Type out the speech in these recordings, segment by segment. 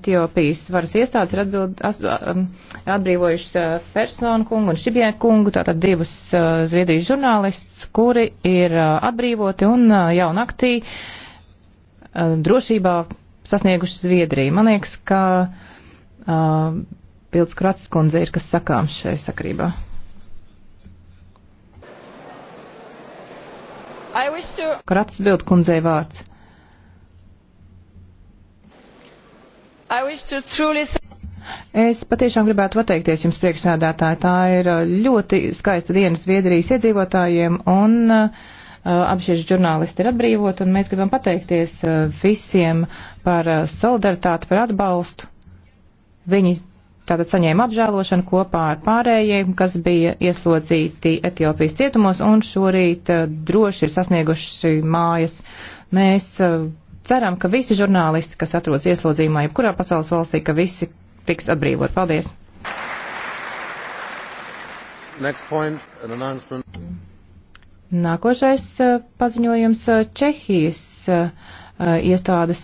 Etiopijas varas iestādes ir atbild, um, atbrīvojušas uh, personu kungu un šibjēku kungu, tātad divus uh, Zviedrijas žurnālistus, kuri ir uh, atbrīvoti un jau naktī drošībā sasnieguši Zviedriju. Man liekas, ka uh, Pilts Kratis kundze ir kas sakāms šai sakrībā. To... Kratis Bild kundzei vārds. Truly... Es patiešām gribētu pateikties jums priekšsēdētāji. Tā ir uh, ļoti skaista diena Zviedrijas iedzīvotājiem un uh, uh apšieši žurnālisti ir atbrīvot un mēs gribam pateikties uh, visiem par uh, solidaritāti, par atbalstu. Viņi tātad saņēma apžēlošanu kopā ar pārējiem, kas bija ieslodzīti Etiopijas cietumos un šorīt uh, droši ir sasnieguši mājas. Mēs ceram, ka visi žurnālisti, kas atrodas ieslodzījumā, jebkurā pasaules valstī, ka visi tiks atbrīvot. Paldies! Point, an Nākošais uh, paziņojums uh, Čehijas uh, iestādes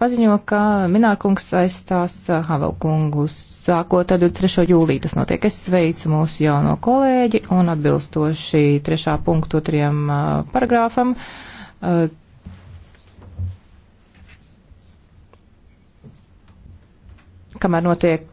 paziņo, ka Minārkungs aizstās Havelkungus. Sākot tad 3. jūlī tas notiek. Es sveicu mūsu jauno kolēģi un atbilstoši 3. punktu 2. paragrāfam. Uh, kamēr notiek